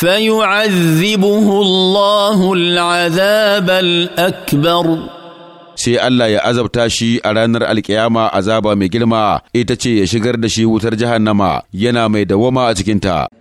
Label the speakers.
Speaker 1: فيعذبه الله العذاب الأكبر sai Allah ya azabta shi a ranar alkiyama azaba mai girma ita ce ya shigar da shi wutar jahannama yana mai dawama a cikinta.